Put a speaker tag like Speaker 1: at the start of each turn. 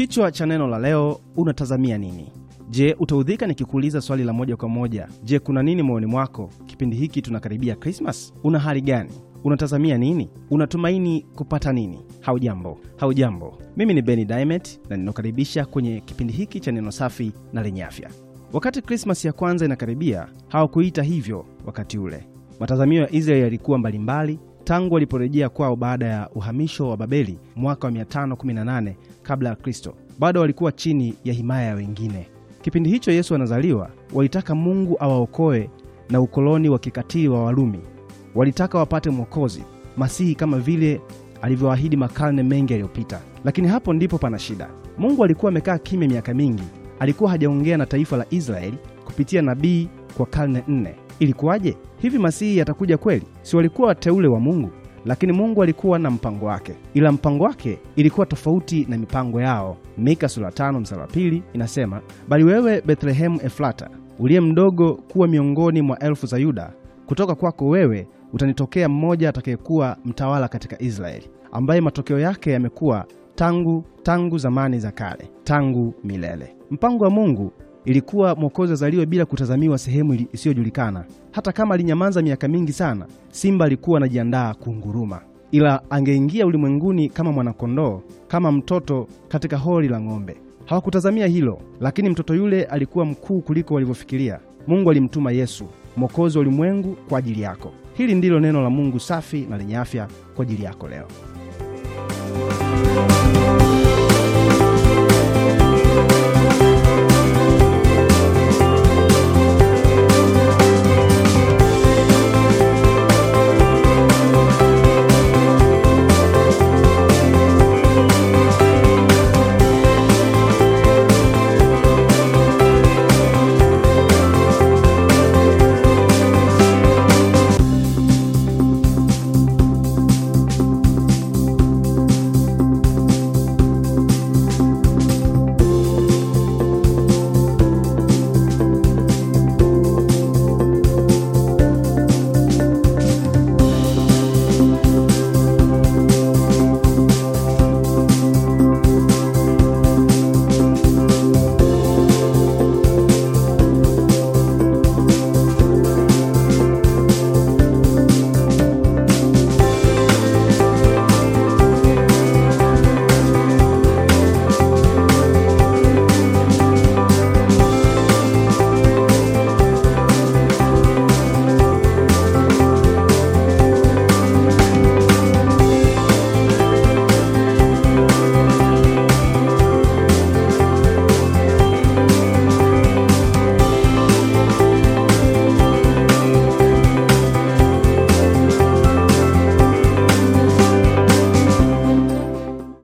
Speaker 1: Kichwa cha neno la leo, unatazamia nini? Je, utaudhika nikikuuliza swali la moja kwa moja? Je, kuna nini moyoni mwako? Kipindi hiki tunakaribia Krismas. Una hali gani? Unatazamia nini? Unatumaini kupata nini? Haujambo, haujambo. Mimi ni Beni Dimet na ninaokaribisha kwenye kipindi hiki cha neno safi na lenye afya. Wakati Krismas ya kwanza inakaribia, hawakuita hivyo wakati ule. Matazamio ya Israeli yalikuwa mbalimbali tangu waliporejea kwao baada ya uhamisho wa Babeli mwaka wa 518 kabla ya Kristo, bado walikuwa chini ya himaya ya wengine. Kipindi hicho Yesu anazaliwa, walitaka Mungu awaokoe na ukoloni wa kikatili wa Warumi. Walitaka wapate mwokozi Masihi kama vile alivyoahidi makarne mengi yaliyopita. Lakini hapo ndipo pana shida. Mungu alikuwa amekaa kimya miaka mingi, alikuwa hajaongea na taifa la Israeli kupitia nabii kwa karne nne. Ilikuwaje? Hivi Masihi yatakuja kweli? Si walikuwa wateule wa Mungu? Lakini Mungu alikuwa na mpango wake, ila mpango wake ilikuwa tofauti na mipango yao. Mika sura tano mstari wa pili inasema, bali wewe Bethlehemu Efrata, uliye mdogo kuwa miongoni mwa elfu za Yuda, kutoka kwako wewe utanitokea mmoja atakayekuwa mtawala katika Israeli, ambaye matokeo yake yamekuwa tangu tangu zamani za kale, tangu milele. Mpango wa Mungu Ilikuwa Mwokozi azaliwe bila kutazamiwa sehemu isiyojulikana. Hata kama alinyamaza miaka mingi sana, simba alikuwa anajiandaa kunguruma, ila angeingia ulimwenguni kama mwanakondoo, kama mtoto katika holi la ng'ombe. Hawakutazamia hilo, lakini mtoto yule alikuwa mkuu kuliko walivyofikiria. Mungu alimtuma Yesu, Mwokozi wa ulimwengu, kwa ajili yako. Hili ndilo neno la Mungu safi na lenye afya kwa ajili yako leo.